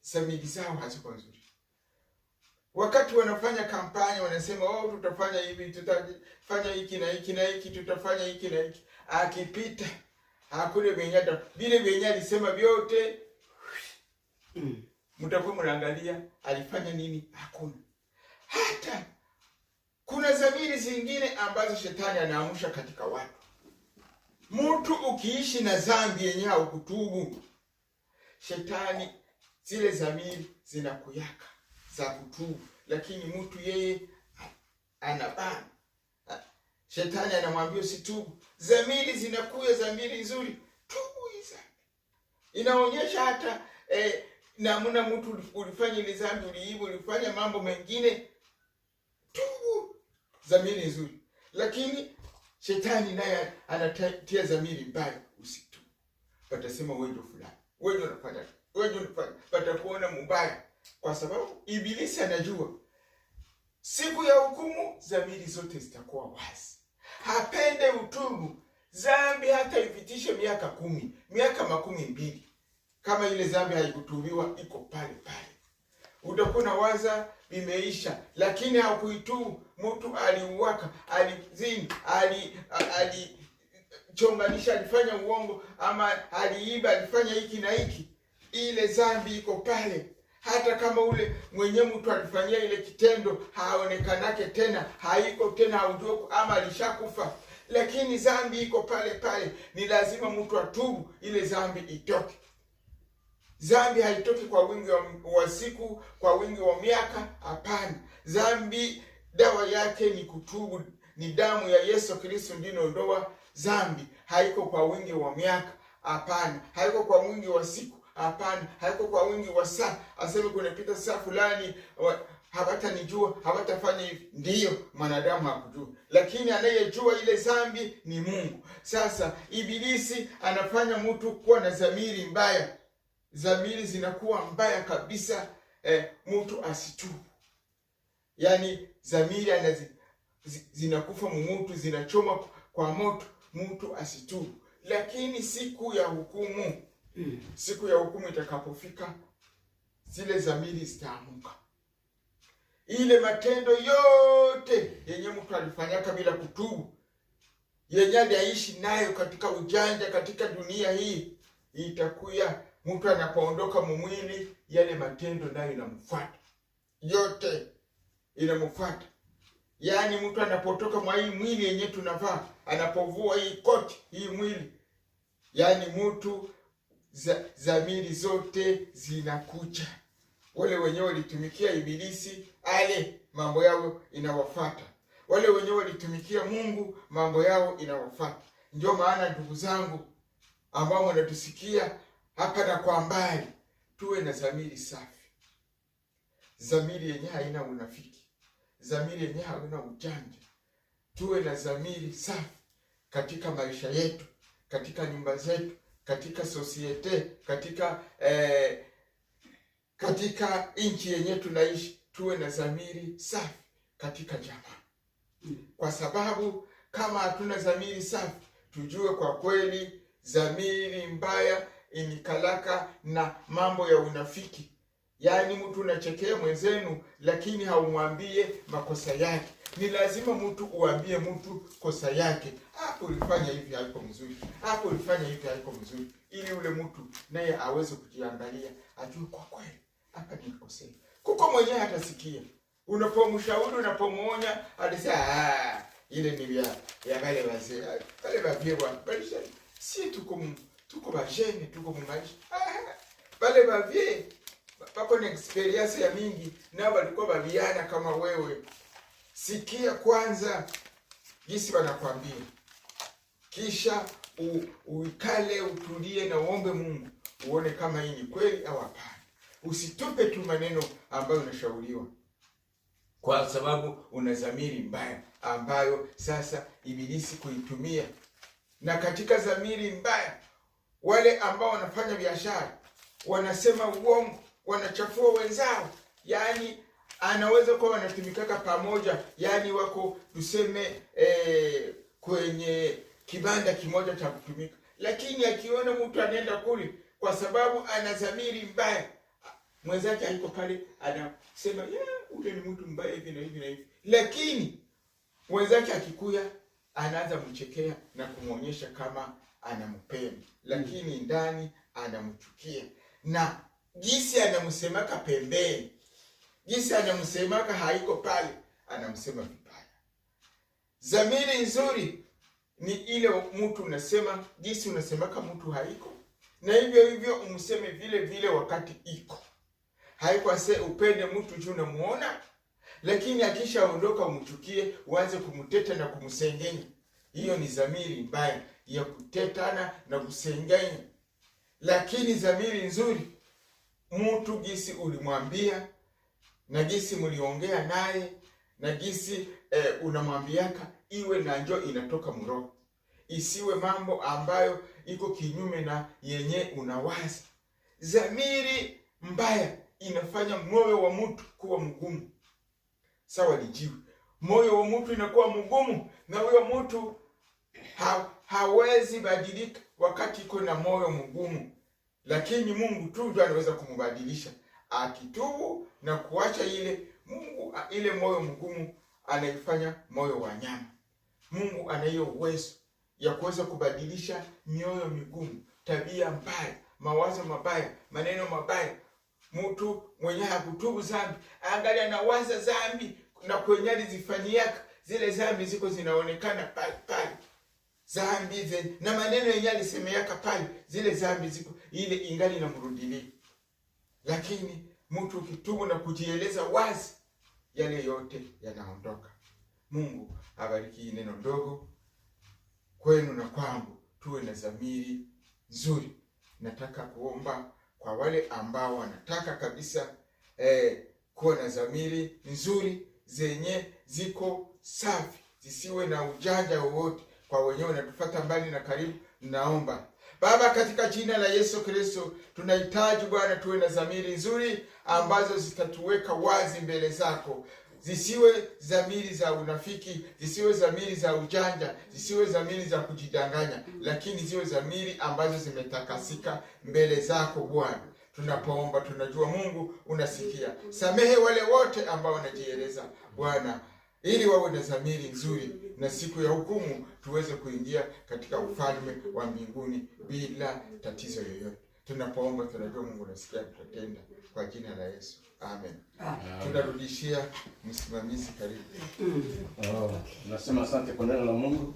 samili zao haziko nzuri. Wakati wanafanya kampanya wanasema oh, tutafanya hivi, tutafanya hiki na hiki na hiki, tutafanya hiki na hiki. Akipita hakuna venye vile venye alisema vyote, mtakuwa mnaangalia alifanya nini? Hakuna hata kuna zamiri zingine ambazo shetani anaamsha katika watu. Mtu ukiishi na dhambi yenye haukutubu, shetani zile zamiri zinakuyaka za kutubu, lakini mtu yeye anabana. Shetani anamwambia usitubu. zamiri zinakuya, zamiri nzuri, tubu hizo. Inaonyesha hata eh, namna mtu ulifanya ile zambi uliiba, ulifanya mambo mengine, tubu, zamiri nzuri. Lakini shetani naye anatia zamiri mbaya, usitubu. atasema wewe ndio fulani, wewe ndio unafanya, wewe ndio unafanya atakuona mubaya, kwa sababu Ibilisi anajua siku ya hukumu zamiri zote zitakuwa wazi. Hapende utumu zambi hata ipitishe miaka kumi, miaka makumi mbili, kama ile zambi haikutubiwa iko pale pale. Utakuwa na waza imeisha, lakini hakuituu. Mtu aliuwaka, alizini, ali alichonganisha, alifanya uongo, ama aliiba, alifanya hiki na hiki ile zambi iko pale, hata kama ule mwenye mtu alifanyia ile kitendo haonekanake tena, haiko tena, haujua ama alishakufa, lakini zambi iko pale pale. Ni lazima mtu atubu, ile zambi itoke. zambi haitoki kwa wingi wa, wa siku, kwa wingi wa miaka. Hapana, zambi dawa yake ni kutubu, ni damu ya Yesu Kristo ndinondoa zambi Haiko kwa wingi wa miaka, hapana, haiko kwa wingi wa siku, Hapana, haiko kwa wingi wa saa, aseme kunapita saa fulani hawatanijua, hawatafanya hivi. Ndiyo, mwanadamu hakujua, lakini anayejua ile zambi ni Mungu. Sasa Ibilisi anafanya mtu kuwa na zamiri mbaya, zamiri zinakuwa mbaya kabisa, eh, mtu asitubu, yaani zamiri anazi, zinakufa mumutu, zinachoma kwa moto, mtu asitubu. Lakini siku ya hukumu siku ya hukumu itakapofika, zile dhamiri zitaamuka. Ile matendo yote yenye mtu alifanyaka bila kutubu, yenye aliishi nayo katika ujanja katika dunia hii, itakuya mtu anapoondoka mumwili, yale matendo nayo inamfuata yote, inamfuata yaani, mtu anapotoka mwa hii mwili yenye tunavaa, anapovua hii koti hii mwili, yaani mtu za zamiri zote zinakuja. Wale wenyewe walitumikia Ibilisi, ale mambo yao inawafata. Wale wenyewe walitumikia Mungu, mambo yao inawafata. Ndio maana ndugu zangu ambao mnatusikia hapa na kwa mbali, tuwe na zamiri safi, zamiri yenye haina unafiki, zamiri yenye haina ujanja. Tuwe na zamiri safi katika maisha yetu, katika nyumba zetu katika societe, katika eh, katika nchi yenye tunaishi, tuwe na zamiri safi katika jamaa, kwa sababu kama hatuna zamiri safi, tujue kwa kweli zamiri mbaya inikalaka na mambo ya unafiki, yaani mtu unachekea mwenzenu, lakini haumwambie makosa yake ni lazima mtu uambie mtu kosa yake. hapo ah, ulifanya hivi haiko mzuri, hapo ah, ulifanya hivi haiko mzuri, ili ule mtu naye aweze kujiangalia, ajue kwa kweli hapa nikosea. Kuko mwenyewe atasikia unapomshauri, unapomuonya, alisema ah, ile ni ya ya wale wazee wale wavie bwana, balisha si tuko tuko bajene tuko mumaisha ah, wale wavie bako na experience ya mingi, nao walikuwa baviana kama wewe sikia kwanza jinsi wanakwambia, kisha uikale utulie na uombe Mungu uone kama hii ni kweli au hapana. Usitupe tu maneno ambayo unashauriwa kwa sababu una zamiri mbaya ambayo sasa ibilisi kuitumia. Na katika zamiri mbaya, wale ambao wanafanya biashara wanasema uongo, wanachafua wenzao, yaani anaweza kuwa wanatumikaka pamoja, yaani wako tuseme e, kwenye kibanda kimoja cha kutumika, lakini akiona mtu anaenda kule kwa sababu ana zamiri mbaya, mwenzake aiko pale anasema ule ni mtu mbaya hivi na hivi na hivi, lakini mwenzake akikuya anaanza mchekea na kumwonyesha kama anampenda, lakini ndani anamchukia na jinsi anamsemaka pembeni jinsi anamsemaka haiko pale, anamsema vibaya. zamiri nzuri ni ile mtu unasema jinsi unasemaka mtu haiko, na hivyo hivyo umseme vile vile wakati iko haiko. Ase upende mtu juu namuona lakini akishaondoka umchukie, uanze kumteta na kumsengenya. Hiyo ni zamiri mbaya ya kutetana na kusengenya. Lakini zamiri nzuri mtu gisi ulimwambia na jinsi mliongea naye na jinsi eh, unamwambiaka iwe na njo inatoka mroho, isiwe mambo ambayo iko kinyume na yenye unawaza. Zamiri mbaya inafanya moyo wa mtu kuwa mgumu, sawa lijiwe. Moyo wa mtu inakuwa mgumu, na huyo mtu ha, hawezi badilika wakati iko na moyo mgumu, lakini Mungu tu ndio anaweza kumbadilisha akitubu na kuacha ile Mungu ile moyo mgumu anaifanya moyo wa nyama. Mungu anaiyo uwezo ya kuweza kubadilisha mioyo migumu, tabia mbaya, mawazo mabaya, maneno mabaya. Mtu mwenye hakutubu zambi, angalia anawaza zambi na kwenyali zifanyiaka zile zambi ziko zinaonekana pale zambi ze na maneno yenye alisemeaka pale, zile zambi ziko ile ingali inamrudilia lakini mtu ukitubu na kujieleza wazi, yale yote yanaondoka. Mungu abariki neno ndogo kwenu na kwangu, tuwe na zamiri nzuri. Nataka kuomba kwa wale ambao wanataka kabisa eh, kuwa na zamiri nzuri zenye ziko safi zisiwe na ujanja wowote. Kwa wenyewe natufata mbali na karibu, naomba Baba, katika jina la Yesu Kristo, tunahitaji Bwana tuwe na dhamiri nzuri ambazo zitatuweka wazi mbele zako zisiwe dhamiri za unafiki, zisiwe dhamiri za ujanja, zisiwe dhamiri za kujidanganya, lakini ziwe dhamiri ambazo zimetakasika mbele zako Bwana. Tunapoomba tunajua Mungu unasikia. Samehe wale wote ambao wanajieleza Bwana ili wawe na zamiri nzuri na siku ya hukumu tuweze kuingia katika ufalme wa mbinguni bila tatizo yoyote. Tunapoomba tunajua Mungu nasikia, tutatenda kwa jina la Yesu, amen. Tunarudishia msimamizi, karibu. Mm. Oh, nasema asante kwa neno la Mungu.